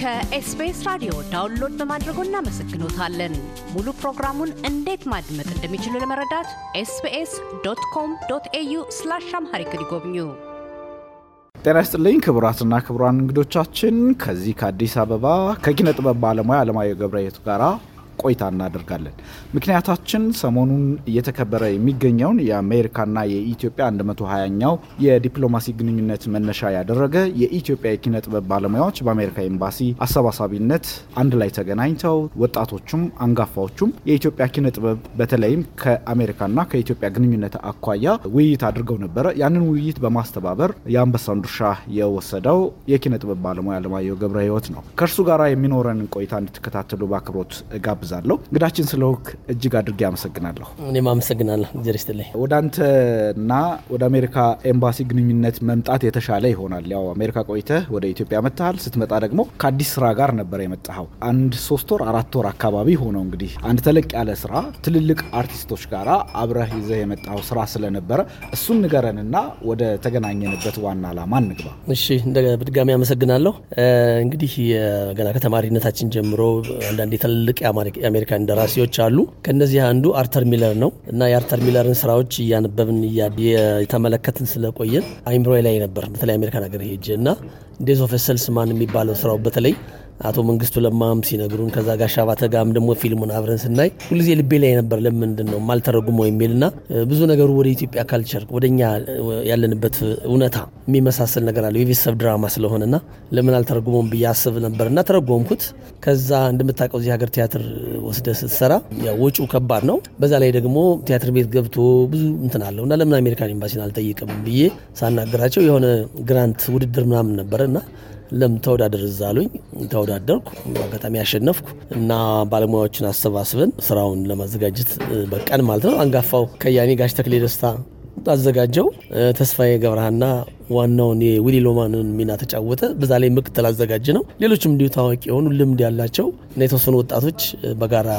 ከኤስቢኤስ ራዲዮ ዳውንሎድ በማድረጎ እናመሰግኖታለን። ሙሉ ፕሮግራሙን እንዴት ማድመጥ እንደሚችሉ ለመረዳት ኤስቢኤስ ዶት ኮም ዶት ኤዩ ስላሽ አምሃሪክ ይጎብኙ። ጤና ይስጥልኝ ክቡራትና ክቡራን እንግዶቻችን ከዚህ ከአዲስ አበባ ከኪነ ጥበብ ባለሙያ አለማየሁ ገብረየቱ ጋራ ቆይታ እናደርጋለን። ምክንያታችን ሰሞኑን እየተከበረ የሚገኘውን የአሜሪካና የኢትዮጵያ 120ኛው የዲፕሎማሲ ግንኙነት መነሻ ያደረገ የኢትዮጵያ የኪነ ጥበብ ባለሙያዎች በአሜሪካ ኤምባሲ አሰባሳቢነት አንድ ላይ ተገናኝተው ወጣቶቹም አንጋፋዎቹም የኢትዮጵያ ኪነ ጥበብ በተለይም ከአሜሪካና ከኢትዮጵያ ግንኙነት አኳያ ውይይት አድርገው ነበረ። ያንን ውይይት በማስተባበር የአንበሳውን ድርሻ የወሰደው የኪነ ጥበብ ባለሙያ አለማየሁ ገብረ ህይወት ነው። ከእርሱ ጋር የሚኖረን ቆይታ እንድትከታተሉ በአክብሮት ጋብ ጋብዛለሁ። እንግዳችን ስለሆንክ እጅግ አድርጌ አመሰግናለሁ። እኔም አመሰግናለሁ። ወደ አንተና ወደ አሜሪካ ኤምባሲ ግንኙነት መምጣት የተሻለ ይሆናል። ያው አሜሪካ ቆይተህ ወደ ኢትዮጵያ መጥተሃል። ስትመጣ ደግሞ ከአዲስ ስራ ጋር ነበር የመጣኸው። አንድ ሶስት ወር አራት ወር አካባቢ ሆነው እንግዲህ አንድ ተለቅ ያለ ስራ ትልልቅ አርቲስቶች ጋር አብረህ ይዘህ የመጣኸው ስራ ስለነበረ እሱን ንገረንና ወደ ተገናኘንበት ዋና ዓላማ እንግባ። እሺ፣ እንደ በድጋሚ አመሰግናለሁ። እንግዲህ ገና ከተማሪነታችን ጀምሮ አንዳንድ የትልልቅ የአማሪ የአሜሪካ እንደራሴዎች አሉ። ከእነዚህ አንዱ አርተር ሚለር ነው እና የአርተር ሚለርን ስራዎች እያነበብን የተመለከትን ስለቆየን አይምሮ ላይ ነበር በተለይ አሜሪካ ነገር ሄጅ እና ዴዝ ኦፍ ማን የሚባለው ስራው በተለይ አቶ መንግስቱ ለማም ሲነግሩን ከዛ ጋር ሻባተ ጋም ደግሞ ፊልሙን አብረን ስናይ ሁልጊዜ ልቤ ላይ ነበር ለምንድን ነው ማልተረጉመው የሚል ብዙ ነገሩ ወደ ኢትዮጵያ ካልቸር ወደኛ ያለንበት እውነታ የሚመሳሰል ነገር አለው። የቤተሰብ ድራማ ስለሆነና ለምን አልተረጉመውም ብዬ አስብ ነበር እና ተረጎምኩት። ከዛ እንደምታውቀው እዚህ ሀገር ቲያትር ወስደ ስትሰራ ወጪው ከባድ ነው። በዛ ላይ ደግሞ ቲያትር ቤት ገብቶ ብዙ እንትን አለው እና ለምን አሜሪካን ኤምባሲን አልጠይቅም ብዬ ሳናገራቸው የሆነ ግራንት ውድድር ምናምን ነበረ እና ለም ተወዳደር እዛ ተወዳደርኩ፣ በአጋጣሚ ያሸነፍኩ እና ባለሙያዎችን አሰባስበን ስራውን ለማዘጋጀት በቃን ማለት ነው። አንጋፋው ከያኔ ጋሽ ተክሌ ደስታ አዘጋጀው። ተስፋዬ ገብረሃና ዋናውን የዊሊ ሎማንን ሚና ተጫወተ። በዛ ላይ ምክትል አዘጋጅ ነው። ሌሎችም እንዲሁ ታዋቂ የሆኑ ልምድ ያላቸው እና የተወሰኑ ወጣቶች በጋራ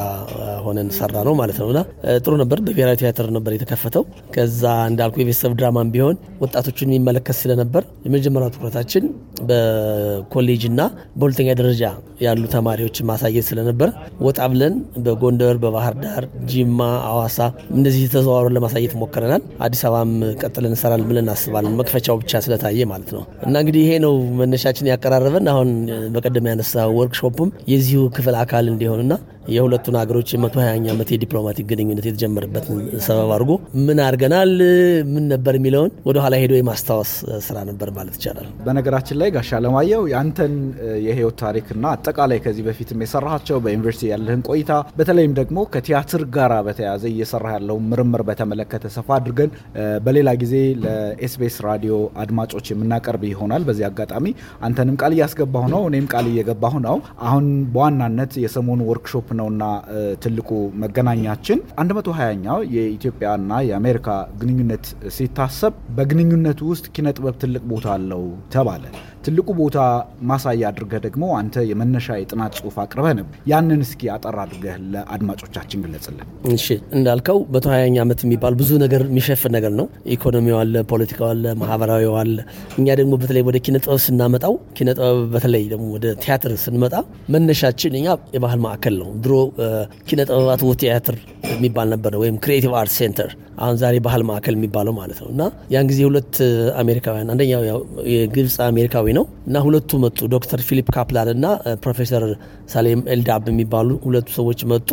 ሆነን ሰራ ነው ማለት ነው እና ጥሩ ነበር። በብሔራዊ ቲያትር ነበር የተከፈተው። ከዛ እንዳልኩ የቤተሰብ ድራማን ቢሆን ወጣቶቹን የሚመለከት ስለነበር የመጀመሪያው ትኩረታችን በኮሌጅ እና በሁለተኛ ደረጃ ያሉ ተማሪዎች ማሳየት ስለነበር ወጣ ብለን በጎንደር፣ በባህር ዳር፣ ጂማ፣ አዋሳ እንደዚህ ተዘዋውረን ለማሳየት ሞክረናል። አዲስ አበባም ቀጥለን እንሰራል ብለን እናስባለን። መክፈቻው ብቻ ስለታየ ማለት ነው። እና እንግዲህ ይሄ ነው መነሻችን ያቀራረበን። አሁን በቀደም ያነሳ ወርክሾፕም የዚሁ ክፍል አካል እንዲሆንና የሁለቱን ሀገሮች የመቶ ሀያኛ ዓመት የዲፕሎማቲክ ግንኙነት የተጀመረበትን ሰበብ አድርጎ ምን አድርገናል፣ ምን ነበር የሚለውን ወደኋላ ሄዶ የማስታወስ ስራ ነበር ማለት ይቻላል። በነገራችን ላይ ጋሻ ለማየው ያንተን የህይወት ታሪክና አጠቃላይ ከዚህ በፊትም የሰራቸው በዩኒቨርሲቲ ያለህን ቆይታ በተለይም ደግሞ ከቲያትር ጋራ በተያያዘ እየሰራ ያለውን ምርምር በተመለከተ ሰፋ አድርገን በሌላ ጊዜ ለኤስቢኤስ ራዲዮ አድማጮች የምናቀርብ ይሆናል። በዚህ አጋጣሚ አንተንም ቃል እያስገባሁ ነው፣ እኔም ቃል እየገባሁ ነው። አሁን በዋናነት የሰሞኑ ወርክሾፕ ነውና ትልቁ መገናኛችን 120ኛው የኢትዮጵያና የአሜሪካ ግንኙነት ሲታሰብ በግንኙነቱ ውስጥ ኪነ ጥበብ ትልቅ ቦታ አለው ተባለ። ትልቁ ቦታ ማሳያ አድርገህ ደግሞ አንተ የመነሻ የጥናት ጽሁፍ አቅርበህ ነበር። ያንን እስኪ አጠር አድርገህ ለአድማጮቻችን ግለጽልን። እሺ፣ እንዳልከው መቶ ሀያኛ ዓመት የሚባል ብዙ ነገር የሚሸፍን ነገር ነው። ኢኮኖሚው አለ፣ ፖለቲካው አለ፣ ማህበራዊ አለ። እኛ ደግሞ በተለይ ወደ ኪነ ጥበብ ስናመጣው ኪነ ጥበብ በተለይ ደግሞ ወደ ቲያትር ስንመጣ መነሻችን እኛ የባህል ማዕከል ነው። ድሮ ኪነ ጥበባት ቲያትር የሚባል ነበር ወይም ክሪኤቲቭ አርት ሴንተር አሁን ዛሬ ባህል ማዕከል የሚባለው ማለት ነው እና ያን ጊዜ ሁለት አሜሪካውያን አንደኛው የግብፅ አሜሪካዊ ነው እና ሁለቱ መጡ ዶክተር ፊሊፕ ካፕላን እና ፕሮፌሰር ሳሌም ኤልዳብ የሚባሉ ሁለቱ ሰዎች መጡ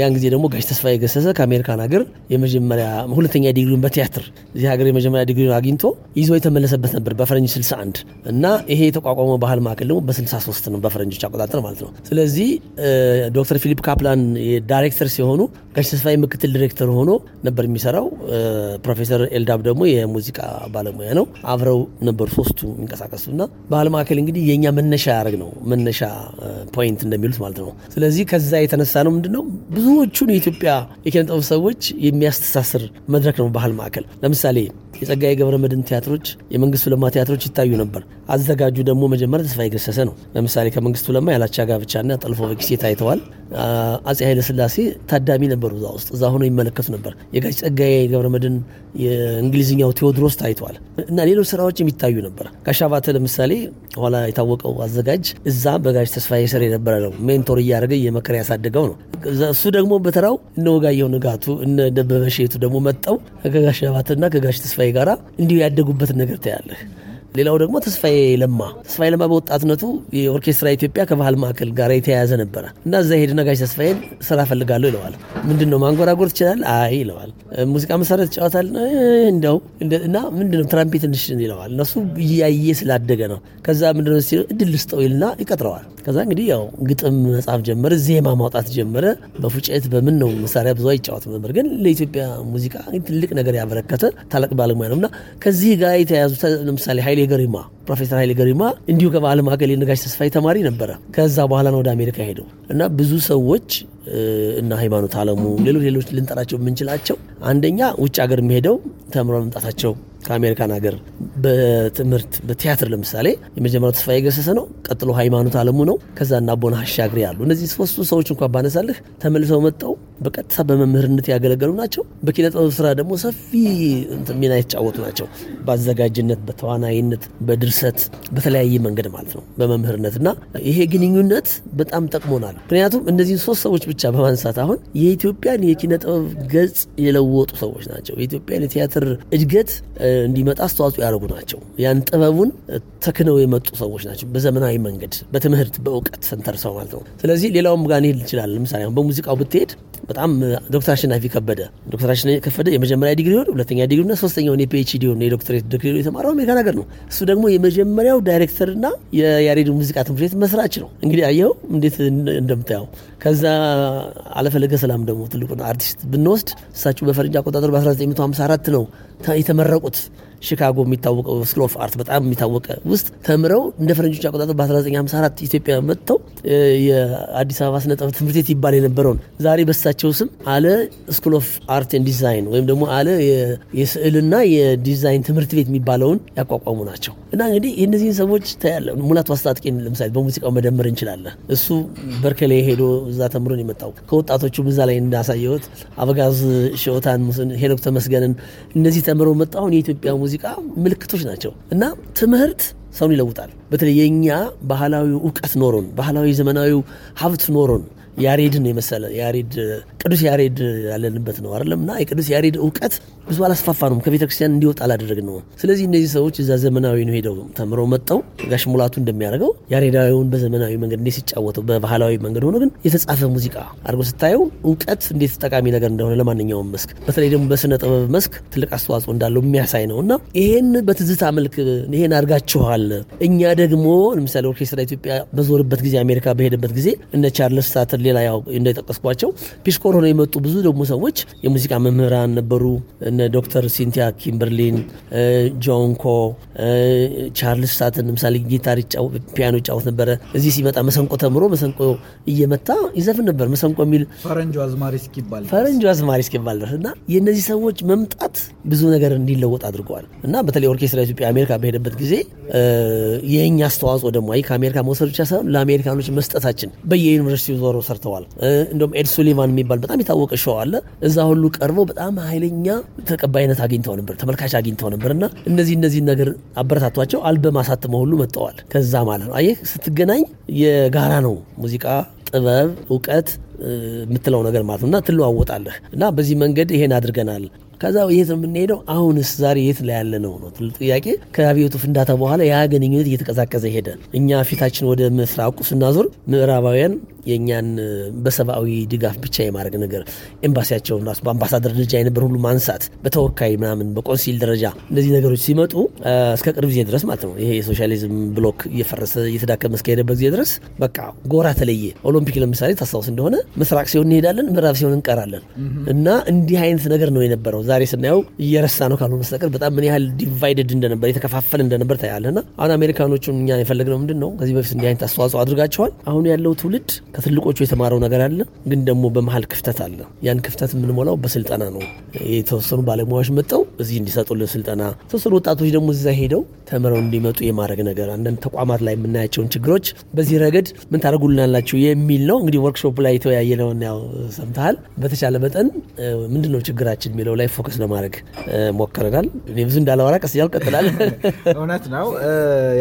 ያን ጊዜ ደግሞ ጋሽ ተስፋ የገሰሰ ከአሜሪካን ሀገር የመጀመሪያ ሁለተኛ ዲግሪን በቲያትር እዚህ ሀገር የመጀመሪያ ዲግሪን አግኝቶ ይዞ የተመለሰበት ነበር በፈረንጅ 61 እና ይሄ የተቋቋመው ባህል ማዕከል ደግሞ በ63 ነው በፈረንጆች አቆጣጠር ማለት ነው ስለዚህ ዶክተር ዶክተር ፊሊፕ ካፕላን ዳይሬክተር ሲሆኑ ጋሽ ተስፋዬ ምክትል ዲሬክተር ሆኖ ነበር የሚሰራው። ፕሮፌሰር ኤልዳብ ደግሞ የሙዚቃ ባለሙያ ነው። አብረው ነበር ሶስቱ የሚንቀሳቀሱ እና ባህል ማዕከል እንግዲህ የእኛ መነሻ ያደረግ ነው መነሻ ፖይንት እንደሚሉት ማለት ነው። ስለዚህ ከዛ የተነሳ ነው ነው ብዙዎቹን የኢትዮጵያ የኪነ ሰዎች የሚያስተሳስር መድረክ ነው ባህል ማዕከል ለምሳሌ የጸጋዬ መድን ቲያትሮች፣ የመንግስቱ ለማ ቲያትሮች ይታዩ ነበር። አዘጋጁ ደግሞ መጀመሪያ ተስፋዬ ገሰሰ ነው። ለምሳሌ ከመንግስቱ ለማ ያላቻ ጋብቻና ጠልፎ በኪሴ ታይተዋል። አፄ ስላሴ ታዳሚ ነበሩ እዛ ውስጥ እዛ ሆኖ ይመለከቱ ነበር። የጋሽ ጸጋዬ መድን የእንግሊዝኛው ቴዎድሮስ ታይተዋል እና ሌሎች ስራዎች የሚታዩ ነበር። ጋሽ አባተ ለምሳሌ ኋላ የታወቀው አዘጋጅ እዛ በጋሽ ተስፋዬ ስር የነበረ ነው። ሜንቶር እያደረገ እየመከረ ያሳደገው ነው። እሱ ደግሞ በተራው እነ ወጋየሁ ንጋቱ እነ ደበበ ሼቱ ደግሞ መጠው ከጋሽ አባተና ከጋሽ ተስፋዬ ጋራ እንዲሁ ያደጉበትን ነገር ታያለህ። ሌላው ደግሞ ተስፋዬ ለማ ተስፋዬ ለማ በወጣትነቱ የኦርኬስትራ ኢትዮጵያ ከባህል ማዕከል ጋር የተያያዘ ነበረ እና እዛ ሄድና ጋሽ ተስፋዬን ስራ ፈልጋለሁ ይለዋል። ምንድን ነው ማንጎራጎር ትችላል? አይ ይለዋል። ሙዚቃ መሳሪያ ትጫወታል? እንደው እና ምንድነው ትራምፔት ትንሽ ይለዋል። እነሱ እያየ ስላደገ ነው። ከዛ ምንድነው ሲለው እድል ስጠው ይልና ይቀጥረዋል። ከዛ እንግዲህ ያው ግጥም መጻፍ ጀመረ፣ ዜማ ማውጣት ጀመረ። በፉጨት በምን ነው መሳሪያ ብዙ አይጫወትም ነበር፣ ግን ለኢትዮጵያ ሙዚቃ ትልቅ ነገር ያበረከተ ታላቅ ባለሙያ ነው እና ከዚህ ጋር የተያያዙ ለምሳሌ ኃይሌ ገሪማ ፕሮፌሰር ኃይሌ ገሪማ እንዲሁ ከበዓለም አቀል የነጋሽ ተስፋዬ ተማሪ ነበረ። ከዛ በኋላ ነው ወደ አሜሪካ ሄደው እና ብዙ ሰዎች እና ሃይማኖት አለሙ ሌሎች ሌሎች ልንጠራቸው የምንችላቸው አንደኛ ውጭ ሀገር የሚሄደው ተምሮ መምጣታቸው ከአሜሪካን ሀገር በትምህርት በቲያትር ለምሳሌ የመጀመሪያው ተስፋዬ ገሰሰ ነው። ቀጥሎ ሃይማኖት አለሙ ነው። ከዛ እና ቦና አሻግሬ ያሉ እነዚህ ሶስቱ ሰዎች እንኳ ባነሳልህ ተመልሰው መጣው በቀጥታ በመምህርነት ያገለገሉ ናቸው። በኪነ ጥበብ ስራ ደግሞ ሰፊ ሚና የተጫወቱ ናቸው። በአዘጋጅነት፣ በተዋናይነት፣ በድርሰት በተለያየ መንገድ ማለት ነው በመምህርነት እና ይሄ ግንኙነት በጣም ጠቅሞናል። ምክንያቱም እነዚህን ሶስት ሰዎች ብቻ በማንሳት አሁን የኢትዮጵያን የኪነ ጥበብ ገጽ የለወጡ ሰዎች ናቸው። የኢትዮጵያን የቲያትር እድገት እንዲመጣ አስተዋጽኦ ያደርጉ ናቸው። ያን ጥበቡን ተክነው የመጡ ሰዎች ናቸው። በዘመናዊ መንገድ፣ በትምህርት በእውቀት ሰንተርሰው ማለት ነው። ስለዚህ ሌላውም ጋር እንሄድ ይችላል። ለምሳሌ አሁን በሙዚቃው ብትሄድ በጣም ዶክተር አሸናፊ ከበደ ዶክተር አሸናፊ ከበደ የመጀመሪያ ዲግሪ ሆን ሁለተኛ ዲግሪ ዲግሪና ሶስተኛውን ሆን የዶክተሬት ዲግሪ የተማረው አሜሪካን ሀገር ነው። እሱ ደግሞ የመጀመሪያው ዳይሬክተር ና የያሬድ ሙዚቃ ትምህርት ቤት መስራች ነው። እንግዲህ አየው እንዴት እንደምታየው ከዛ አለፈለገ ሰላም ደግሞ ትልቁን አርቲስት ብንወስድ እሳቸው በፈረንጅ አቆጣጠሩ በ1954 ነው የተመረቁት። ሺካጎ የሚታወቀው ስኩል ኦፍ አርት በጣም የሚታወቀ ውስጥ ተምረው እንደ ፈረንጆች አቆጣጠር በ1954 ኢትዮጵያ መጥተው የአዲስ አበባ ስነጥበብ ትምህርት ቤት ይባል የነበረውን ዛሬ በሳቸው ስም አለ ስኩል ኦፍ አርት ኤንድ ዲዛይን ወይም ደግሞ አለ የስዕልና የዲዛይን ትምህርት ቤት የሚባለውን ያቋቋሙ ናቸው እና እንግዲህ እነዚህን ሰዎች ሙላቱ አስታጥቄን ለምሳሌ በሙዚቃው መደመር እንችላለን። እሱ በርክሌ ሄዶ እዛ ተምሮ ነው የመጣው። ከወጣቶቹ እዛ ላይ እንዳሳየሁት አበጋዝ ሸወታን፣ ሄኖክ ተመስገንን እነዚህ ተምረው መጣ። አሁን የኢትዮጵያ ሙዚቃ ምልክቶች ናቸው እና ትምህርት ሰውን ይለውጣል። በተለይ የእኛ ባህላዊ እውቀት ኖሮን ባህላዊ ዘመናዊ ሀብት ኖሮን ያሬድን የመሰለ ያሬድ ቅዱስ ያሬድ ያለንበት ነው አይደለም እና የቅዱስ ያሬድ እውቀት ብዙ ነው ከቤተ ክርስቲያን እንዲወጣ ነው ስለዚህ እነዚህ ሰዎች እዛ ዘመናዊ ነው ሄደው ተምረው መጠው ጋሽ ሙላቱ እንደሚያደርገው ያሬዳዊውን በዘመናዊ መንገድ እንዴት ሲጫወተው በባህላዊ መንገድ ሆኖ ግን የተጻፈ ሙዚቃ አድርጎ ስታየው እውቀት እንዴት ጠቃሚ ነገር እንደሆነ ለማንኛውም መስክ በተለይ ደግሞ በስነ ጥበብ መስክ ትልቅ አስተዋጽኦ እንዳለው የሚያሳይ ነው እና ይሄን በትዝታ መልክ ይሄን አድርጋችኋል። እኛ ደግሞ ለምሳሌ ኦርኬስትራ ኢትዮጵያ በዞርበት ጊዜ አሜሪካ በሄደበት ጊዜ እነ ቻርልስ ሳተር ሌላ ያው እንደጠቀስኳቸው ፒስኮር ሆነው የመጡ ብዙ ደግሞ ሰዎች የሙዚቃ መምህራን ነበሩ። እነ ዶክተር ሲንቲያ ኪምበርሊን፣ ጆንኮ፣ ቻርልስ ሳትን ምሳሌ ጊታር ፒያኖ ይጫወት ነበረ። እዚህ ሲመጣ መሰንቆ ተምሮ መሰንቆ እየመታ ይዘፍን ነበር። መሰንቆ የሚል ፈረንጁ አዝማሪ እስኪባል ፈረንጁ አዝማሪ እስኪባል ድረስ እና የእነዚህ ሰዎች መምጣት ብዙ ነገር እንዲለወጥ አድርገዋል እና በተለይ ኦርኬስትራ ኢትዮጵያ አሜሪካ በሄደበት ጊዜ የእኛ አስተዋጽኦ ደግሞ አይ ከአሜሪካ መውሰድ ብቻ ሳይሆን ለአሜሪካኖች መስጠታችን በየዩኒቨርሲቲ ዞሮ ሰርተዋል። እንደውም ኤድ ሱሊቫን የሚባል በጣም የታወቀ ሸው አለ። እዛ ሁሉ ቀርበው በጣም ኃይለኛ ተቀባይነት አግኝተው ነበር፣ ተመልካች አግኝተው ነበር። እና እነዚህ እነዚህ ነገር አበረታቷቸው አልበም አሳትመው ሁሉ መጥተዋል። ከዛ ማለት ነው አየህ ስትገናኝ የጋራ ነው ሙዚቃ ጥበብ፣ እውቀት የምትለው ነገር ማለት ነው እና ትለዋወጣለህ እና በዚህ መንገድ ይሄን አድርገናል። ከዛ የት ነው የምንሄደው? አሁንስ ዛሬ የት ላይ ያለ ነው ነው ትልቅ ጥያቄ። ከአብዮቱ ፍንዳታ በኋላ ያ ግንኙነት እየተቀዛቀዘ ሄደ። እኛ ፊታችን ወደ ምስራቁ ስናዞር ምዕራባውያን የእኛን በሰብአዊ ድጋፍ ብቻ የማድረግ ነገር ኤምባሲያቸውን ራሱ በአምባሳደር ደረጃ የነበር ሁሉ ማንሳት በተወካይ ምናምን በቆንሲል ደረጃ እነዚህ ነገሮች ሲመጡ እስከ ቅርብ ጊዜ ድረስ ማለት ነው ይሄ የሶሻሊዝም ብሎክ እየፈረሰ እየተዳከመ እስከሄደበት ጊዜ ድረስ በቃ ጎራ ተለየ። ኦሎምፒክ ለምሳሌ ታስታውስ እንደሆነ ምስራቅ ሲሆን እንሄዳለን፣ ምዕራብ ሲሆን እንቀራለን እና እንዲህ አይነት ነገር ነው የነበረው። ዛሬ ስናየው እየረሳ ነው ካልሆነ በስተቀር በጣም ምን ያህል ዲቫይደድ እንደነበር የተከፋፈል እንደነበር ታያለና አሁን አሜሪካኖቹ እኛ የፈለግነው ምንድን ነው ከዚህ በፊት እንዲህ አይነት አስተዋጽኦ አድርጋቸዋል። አሁን ያለው ትውልድ ከትልቆቹ የተማረው ነገር አለ፣ ግን ደግሞ በመሀል ክፍተት አለ። ያን ክፍተት የምንሞላው በስልጠና ነው። የተወሰኑ ባለሙያዎች መጠው እዚህ እንዲሰጡልን ስልጠና፣ የተወሰኑ ወጣቶች ደግሞ እዛ ሄደው ተምረው እንዲመጡ የማድረግ ነገር፣ አንዳንድ ተቋማት ላይ የምናያቸውን ችግሮች በዚህ ረገድ ምን ታደርጉልናላችሁ የሚል ነው። እንግዲህ ወርክሾፕ ላይ የተወያየ ነው። ያው ሰምተሃል። በተቻለ መጠን ምንድን ነው ችግራችን የሚለው ላይ ፎከስ ለማድረግ ሞክረናል። እኔ ብዙ እንዳላወራ ቀስ እያል ቀጥላል። እውነት ነው።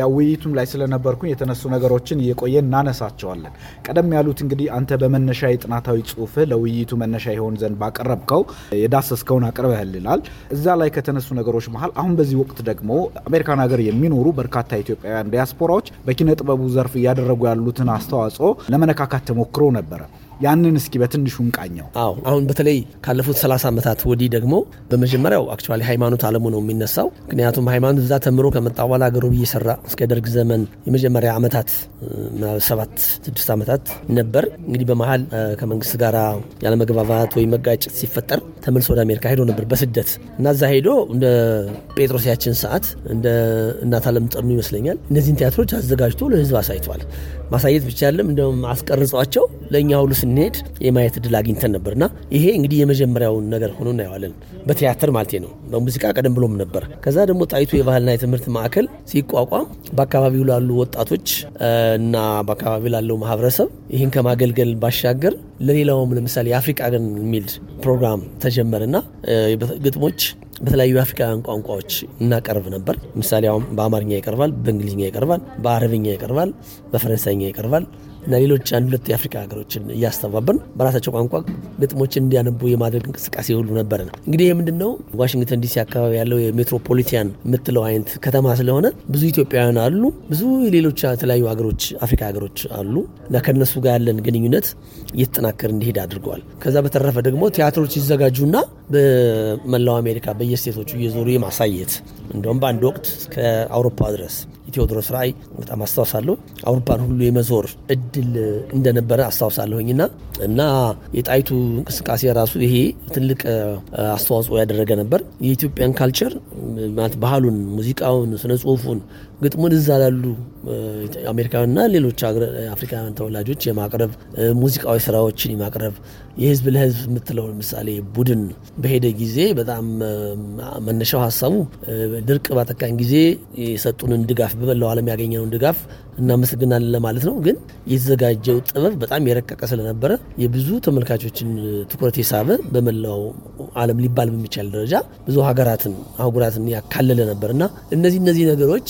ያው ውይይቱም ላይ ስለነበርኩኝ የተነሱ ነገሮችን እየቆየ እናነሳቸዋለን ቀደም ያሉት እንግዲህ አንተ በመነሻ የጥናታዊ ጽሁፍ ለውይይቱ መነሻ የሆን ዘንድ ባቀረብከው የዳሰስከውን አቅርበህልናል። እዛ ላይ ከተነሱ ነገሮች መሀል አሁን በዚህ ወቅት ደግሞ አሜሪካን ሀገር የሚኖሩ በርካታ ኢትዮጵያውያን ዲያስፖራዎች በኪነ ጥበቡ ዘርፍ እያደረጉ ያሉትን አስተዋጽኦ ለመነካካት ተሞክሮ ነበረ። ያንን እስኪ በትንሹ እንቃኘው። አዎ አሁን በተለይ ካለፉት 30 ዓመታት ወዲህ ደግሞ በመጀመሪያው አክቹዋሊ ሃይማኖት አለሙ ነው የሚነሳው። ምክንያቱም ሃይማኖት እዛ ተምሮ ከመጣ በኋላ አገሩ እየሰራ እስከ ደርግ ዘመን የመጀመሪያ ዓመታት ሰባት ስድስት ዓመታት ነበር። እንግዲህ በመሀል ከመንግስት ጋር ያለመግባባት ወይም መጋጨት ሲፈጠር ተመልሶ ወደ አሜሪካ ሄዶ ነበር በስደት እና እዛ ሄዶ እንደ ጴጥሮስ ያችን ሰዓት እንደ እናት አለም ጠኑ ይመስለኛል እነዚህን ቲያትሮች አዘጋጅቶ ለህዝብ አሳይቷል። ማሳየት ብቻ ያለም እንደውም አስቀርጿቸው ለእኛ ሁሉ ስንሄድ የማየት እድል አግኝተን ነበርና ይሄ እንግዲህ የመጀመሪያውን ነገር ሆኖ እናየዋለን። በቲያትር ማለቴ ነው። በሙዚቃ ቀደም ብሎም ነበር። ከዛ ደግሞ ጣይቱ የባህልና የትምህርት ማዕከል ሲቋቋም በአካባቢው ላሉ ወጣቶች እና በአካባቢው ላለው ማህበረሰብ ይህን ከማገልገል ባሻገር ለሌላውም ለምሳሌ የአፍሪቃ ቀን የሚል ፕሮግራም ተጀመረና ግጥሞች በተለያዩ የአፍሪካውያን ቋንቋዎች እናቀርብ ነበር። ምሳሌ አሁን በአማርኛ ይቀርባል፣ በእንግሊዝኛ ይቀርባል፣ በአረብኛ ይቀርባል፣ በፈረንሳይኛ ይቀርባል እና ሌሎች አንድ ሁለት የአፍሪካ ሀገሮችን እያስተባበርን በራሳቸው ቋንቋ ግጥሞችን እንዲያነቡ የማድረግ እንቅስቃሴ ሁሉ ነበረ። እንግዲህ ይህ ምንድን ነው ዋሽንግተን ዲሲ አካባቢ ያለው የሜትሮፖሊቲያን የምትለው አይነት ከተማ ስለሆነ ብዙ ኢትዮጵያውያን አሉ፣ ብዙ ሌሎች የተለያዩ ሀገሮች አፍሪካ ሀገሮች አሉ እና ከነሱ ጋር ያለን ግንኙነት እየተጠናከር እንዲሄድ አድርገዋል። ከዛ በተረፈ ደግሞ ቲያትሮች ይዘጋጁና በመላው አሜሪካ በየስቴቶቹ እየዞሩ የማሳየት እንደውም በአንድ ወቅት ከአውሮፓ ድረስ ቴዎድሮስ ራእይ በጣም አስታውሳለሁ። አውሮፓን ሁሉ የመዞር እድል እንደነበረ አስታውሳለሁኝ እና የጣይቱ እንቅስቃሴ ራሱ ይሄ ትልቅ አስተዋጽኦ ያደረገ ነበር። የኢትዮጵያን ካልቸር ማለት ባህሉን፣ ሙዚቃውን፣ ስነ ጽሁፉን፣ ግጥሙን እዛ ላሉ አሜሪካውያንና ሌሎች አፍሪካውያን ተወላጆች የማቅረብ ሙዚቃዊ ስራዎችን የማቅረብ የህዝብ ለህዝብ የምትለው ለምሳሌ ቡድን በሄደ ጊዜ በጣም መነሻው ሀሳቡ ድርቅ ባጠቃኝ ጊዜ የሰጡንን ድጋፍ በመላው ዓለም ያገኘነውን ድጋፍ እናመሰግናለን ለማለት ነው። ግን የተዘጋጀው ጥበብ በጣም የረቀቀ ስለነበረ የብዙ ተመልካቾችን ትኩረት የሳበ በመላው ዓለም ሊባል በሚቻል ደረጃ ብዙ ሀገራትን አህጉራትን ያካለለ ነበር እና እነዚህ እነዚህ ነገሮች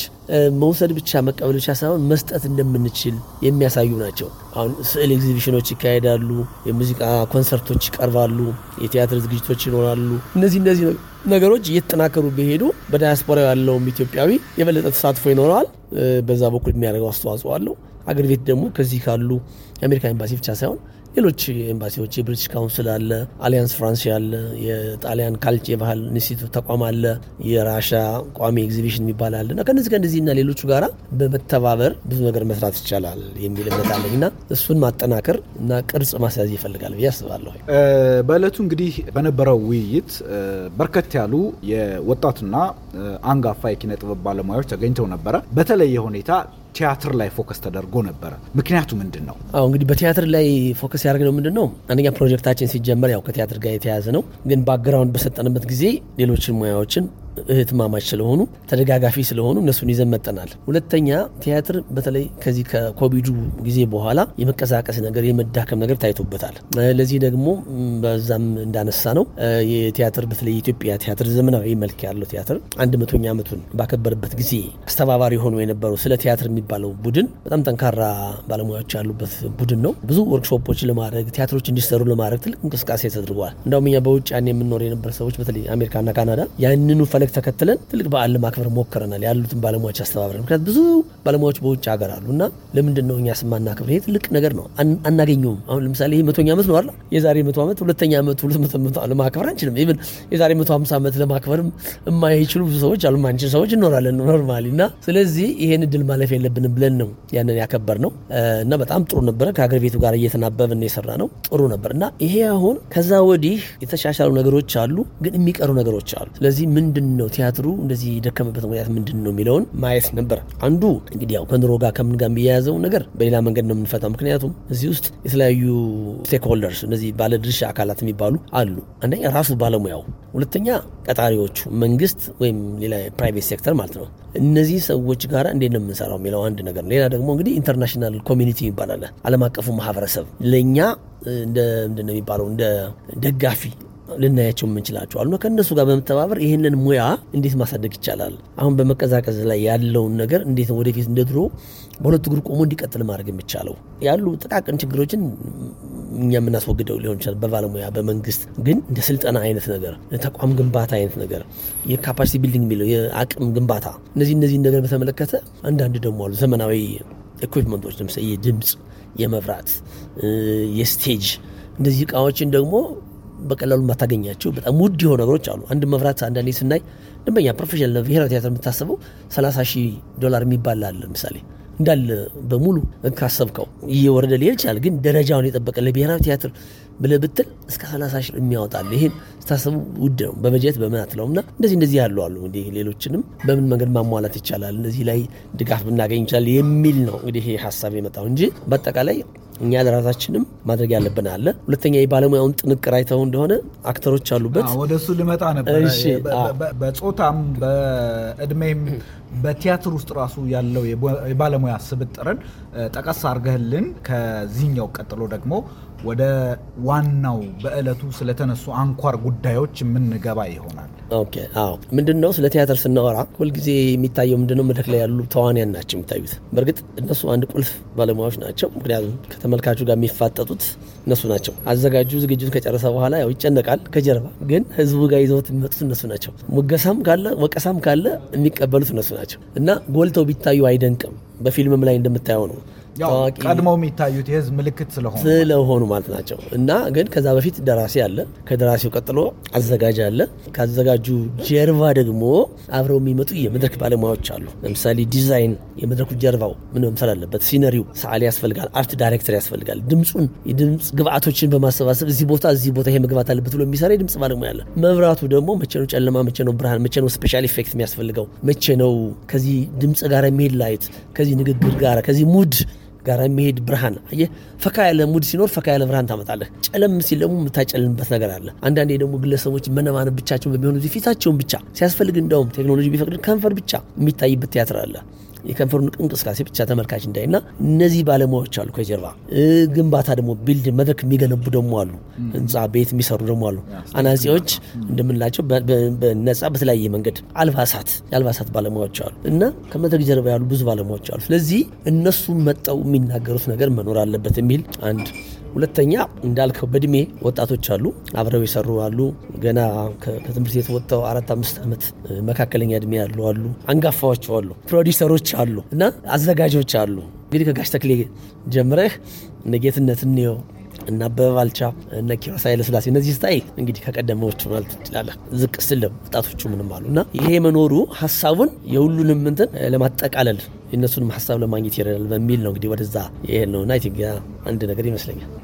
መውሰድ ብቻ መቀበል ብቻ ሳይሆን መስጠት እንደምንችል የሚያሳዩ ናቸው። አሁን ስዕል ኤግዚቢሽኖች ይካሄዳሉ፣ የሙዚቃ ኮንሰርቶች ይቀርባሉ፣ የቲያትር ዝግጅቶች ይኖራሉ። እነዚህ እነዚህ ነገሮች እየተጠናከሩ ቢሄዱ በዳያስፖራ ያለውም ኢትዮጵያዊ የበለጠ ተሳትፎ ይኖረዋል። በዛ በኩል የሚያደርገው አስተዋጽኦ አለው። አገር ቤት ደግሞ ከዚህ ካሉ የአሜሪካ ኤምባሲ ብቻ ሳይሆን ሌሎች ኤምባሲዎች የብሪቲሽ ካውንስል አለ፣ አሊያንስ ፍራንስ ያለ፣ የጣሊያን ካልጭ የባህል ኢንስቲትዩት ተቋም አለ፣ የራሻ ቋሚ ኤግዚቢሽን የሚባል አለ እና ከነዚህ ከነዚህና ሌሎቹ ጋራ በመተባበር ብዙ ነገር መስራት ይቻላል የሚል እምነት አለኝ እና እሱን ማጠናከር እና ቅርጽ ማስያዝ ይፈልጋል ብዬ አስባለሁ። በእለቱ እንግዲህ በነበረው ውይይት በርከት ያሉ የወጣትና አንጋፋ የኪነ ጥበብ ባለሙያዎች ተገኝተው ነበረ። በተለየ ሁኔታ ቲያትር ላይ ፎከስ ተደርጎ ነበረ። ምክንያቱ ምንድን ነው? አዎ እንግዲህ በቲያትር ላይ ፎከስ ያደርግነው ምንድን ነው? አንደኛ ፕሮጀክታችን ሲጀመር ያው ከቲያትር ጋር የተያያዘ ነው። ግን ባክግራውንድ በሰጠንበት ጊዜ ሌሎችን ሙያዎችን እህትማማች ስለሆኑ ተደጋጋፊ ስለሆኑ እነሱን ይዘን መጠናል። ሁለተኛ ቲያትር በተለይ ከዚህ ከኮቪዱ ጊዜ በኋላ የመቀሳቀስ ነገር የመዳከም ነገር ታይቶበታል። ለዚህ ደግሞ በዛም እንዳነሳ ነው የቲያትር በተለይ የኢትዮጵያ ቲያትር ዘመናዊ መልክ ያለው ቲያትር አንድ መቶኛ ዓመቱን ባከበረበት ጊዜ አስተባባሪ ሆኖ የነበረው ስለ ቲያትር የሚባለው ቡድን በጣም ጠንካራ ባለሙያዎች ያሉበት ቡድን ነው። ብዙ ወርክሾፖች ለማድረግ ቲያትሮች እንዲሰሩ ለማድረግ ትልቅ እንቅስቃሴ ተደርጓል። እንዳውም እኛ በውጭ ያን የምንኖር የነበረ ሰዎች በተለይ አሜሪካና ካናዳ ያንኑ ፈለ ማድረግ ተከትለን ትልቅ በዓል ለማክበር ሞክረናል፣ ያሉትን ባለሙያዎች አስተባብረን። ምክንያት ብዙ ባለሙያዎች በውጭ ሀገር አሉ እና ለምንድን ነው እኛ ክብር? ይሄ ትልቅ ነገር ነው፣ አናገኘውም። አሁን ለምሳሌ ይህ መቶኛ ዓመት ነው አለ የዛሬ መቶ ዓመት ሁለተኛ ዓመት ሁለት መቶ ለማክበር አንችልም። ኢቭን የዛሬ መቶ ሀምሳ ዓመት ለማክበር የማይችሉ ብዙ ሰዎች አሉ፣ ማንችል ሰዎች እኖራለን ኖርማሊ እና ስለዚህ ይሄን እድል ማለፍ የለብንም ብለን ነው ያንን ያከበር ነው እና በጣም ጥሩ ነበረ። ከሀገር ቤቱ ጋር እየተናበብን የሰራ ነው ጥሩ ነበር እና ይሄ አሁን ከዛ ወዲህ የተሻሻሉ ነገሮች አሉ፣ ግን የሚቀሩ ነገሮች አሉ። ስለዚህ ምንድን ነው ቲያትሩ እንደዚህ የደከመበት ምክንያት ምንድን ነው የሚለውን ማየት ነበር። አንዱ እንግዲህ ያው ከኑሮ ጋር ከምን ጋር የሚያያዘው ነገር በሌላ መንገድ ነው የምንፈታው። ምክንያቱም እዚህ ውስጥ የተለያዩ ስቴክሆልደርስ እነዚህ ባለድርሻ አካላት የሚባሉ አሉ። አንደኛ ራሱ ባለሙያው፣ ሁለተኛ ቀጣሪዎቹ መንግስት ወይም ሌላ ፕራይቬት ሴክተር ማለት ነው። እነዚህ ሰዎች ጋር እንዴት ነው የምንሰራው የሚለው አንድ ነገር። ሌላ ደግሞ እንግዲህ ኢንተርናሽናል ኮሚኒቲ ይባላል። አለም አቀፉ ማህበረሰብ ለእኛ የሚባለው እንደ ደጋፊ ልናያቸው የምንችላቸው አሉና ከእነሱ ጋር በመተባበር ይህንን ሙያ እንዴት ማሳደግ ይቻላል፣ አሁን በመቀዛቀዝ ላይ ያለውን ነገር እንዴት ወደፊት እንደ ድሮ በሁለት እግር ቆሞ እንዲቀጥል ማድረግ የሚቻለው ያሉ ጥቃቅን ችግሮችን እኛ የምናስወግደው ሊሆን ይችላል በባለሙያ በመንግስት ግን እንደ ስልጠና አይነት ነገር ተቋም ግንባታ አይነት ነገር የካፓሲቲ ቢልዲንግ የሚለው የአቅም ግንባታ እነዚህ እነዚህ ነገር በተመለከተ አንዳንድ ደግሞ አሉ ዘመናዊ ኢኩፕመንቶች ለምሳሌ የድምፅ፣ የመብራት፣ የስቴጅ እንደዚህ እቃዎችን ደግሞ በቀላሉ ማታገኛቸው በጣም ውድ የሆኑ ነገሮች አሉ። አንድ መብራት አንዳንዴ ስናይ ደንበኛ ፕሮፌሽናል ነው ብሔራዊ ቲያትር የምታስበው 30 ሺህ ዶላር የሚባል አለ ለምሳሌ እንዳለ በሙሉ ካሰብከው እየወረደ ሊሄድ ይችላል። ግን ደረጃውን የጠበቀ ለብሔራዊ ቲያትር ብለህ ብትል እስከ 30 ሺህ የሚያወጣል። ይህን ስታሰቡ ውድ ነው፣ በበጀት በምናት ነው እና እንደዚህ እንደዚህ ያሉ አሉ። እንግዲህ ሌሎችንም በምን መንገድ ማሟላት ይቻላል፣ እነዚህ ላይ ድጋፍ ብናገኝ ይችላል የሚል ነው እንግዲህ ሀሳብ የመጣው እንጂ በአጠቃላይ እኛ ለራሳችንም ማድረግ ያለብን አለ። ሁለተኛ የባለሙያውን ጥንቅር አይተው እንደሆነ አክተሮች አሉበት። ወደ እሱ ልመጣ ነበር። በጾታም በእድሜም በቲያትር ውስጥ ራሱ ያለው የባለሙያ ስብጥርን ጠቀስ አድርገህልን ከዚህኛው ቀጥሎ ደግሞ ወደ ዋናው በዕለቱ ስለተነሱ አንኳር ጉዳዮች የምንገባ ይሆናል። ምንድን ነው ስለ ቲያትር ስናወራ ሁልጊዜ የሚታየው ምንድነው? መድረክ ላይ ያሉ ተዋንያን ናቸው የሚታዩት። በእርግጥ እነሱ አንድ ቁልፍ ባለሙያዎች ናቸው፣ ምክንያቱም ከተመልካቹ ጋር የሚፋጠጡት እነሱ ናቸው። አዘጋጁ ዝግጅቱ ከጨረሰ በኋላ ያው ይጨነቃል ከጀርባ፣ ግን ህዝቡ ጋር ይዘውት የሚመጡት እነሱ ናቸው። ሙገሳም ካለ ወቀሳም ካለ የሚቀበሉት እነሱ ናቸው እና ጎልተው ቢታዩ አይደንቅም። በፊልምም ላይ እንደምታየው ነው። ቀድመው የሚታዩት የህዝብ ምልክት ስለሆኑ ስለሆኑ ማለት ናቸው እና ግን ከዛ በፊት ደራሲ አለ። ከደራሲው ቀጥሎ አዘጋጅ አለ። ከአዘጋጁ ጀርባ ደግሞ አብረው የሚመጡ የመድረክ ባለሙያዎች አሉ። ለምሳሌ ዲዛይን፣ የመድረኩ ጀርባው ምን መምሰል አለበት፣ ሲነሪው፣ ሰዓሊ ያስፈልጋል፣ አርት ዳይሬክተር ያስፈልጋል። ድምፁን፣ የድምፅ ግብአቶችን በማሰባሰብ እዚህ ቦታ እዚህ ቦታ ይሄ መግባት አለበት ብሎ የሚሰራ የድምፅ ባለሙያ አለ። መብራቱ ደግሞ መቼ ነው ጨለማ፣ መቼ ነው ብርሃን፣ መቼ ነው ስፔሻል ኢፌክት የሚያስፈልገው፣ መቼ ነው ከዚህ ድምፅ ጋር የሚሄድ ላይት፣ ከዚህ ንግግር ጋር ከዚህ ሙድ ጋር የሚሄድ ብርሃን አየህ፣ ፈካ ያለ ሙድ ሲኖር ፈካ ያለ ብርሃን ታመጣለህ። ጨለም ሲል ደግሞ የምታጨልምበት ነገር አለ። አንዳንዴ ደግሞ ግለሰቦች መነማን ብቻቸውን በሚሆኑ ፊታቸውን ብቻ ሲያስፈልግ እንደውም ቴክኖሎጂ ቢፈቅድ ከንፈር ብቻ የሚታይበት ቲያትር አለ። የከንፈሩን እንቅስቃሴ ብቻ ተመልካች እንዳይና እነዚህ ባለሙያዎች አሉ ከጀርባ ግንባታ ደግሞ ቢልድ መድረክ የሚገነቡ ደግሞ አሉ ህንፃ ቤት የሚሰሩ ደግሞ አሉ አናጺዎች እንደምንላቸው በነጻ በተለያየ መንገድ አልባሳት የአልባሳት ባለሙያዎች አሉ እና ከመድረክ ጀርባ ያሉ ብዙ ባለሙያዎች አሉ ስለዚህ እነሱ መጠው የሚናገሩት ነገር መኖር አለበት የሚል አንድ ሁለተኛ እንዳልከው በእድሜ ወጣቶች አሉ፣ አብረው የሰሩ አሉ፣ ገና ከትምህርት ቤት ወጥተው አራት አምስት ዓመት መካከለኛ እድሜ ያሉ አሉ፣ አንጋፋዎች አሉ፣ ፕሮዲሰሮች አሉ እና አዘጋጆች አሉ። እንግዲህ ከጋሽ ተክሌ ጀምረህ እነ ጌትነት እንየው እና አበበ ባልቻ እነ ኪሮስ ስላሴ እነዚህ ስታይ እንግዲህ ከቀደመዎች ማለት ትችላለህ። ዝቅ ስልም ወጣቶቹ ምንም አሉ እና ይሄ መኖሩ ሀሳቡን የሁሉንም እንትን ለማጠቃለል የእነሱንም ሀሳብ ለማግኘት ይረዳል በሚል ነው እንግዲህ ወደዛ ይሄ ነው እና አንድ ነገር ይመስለኛል።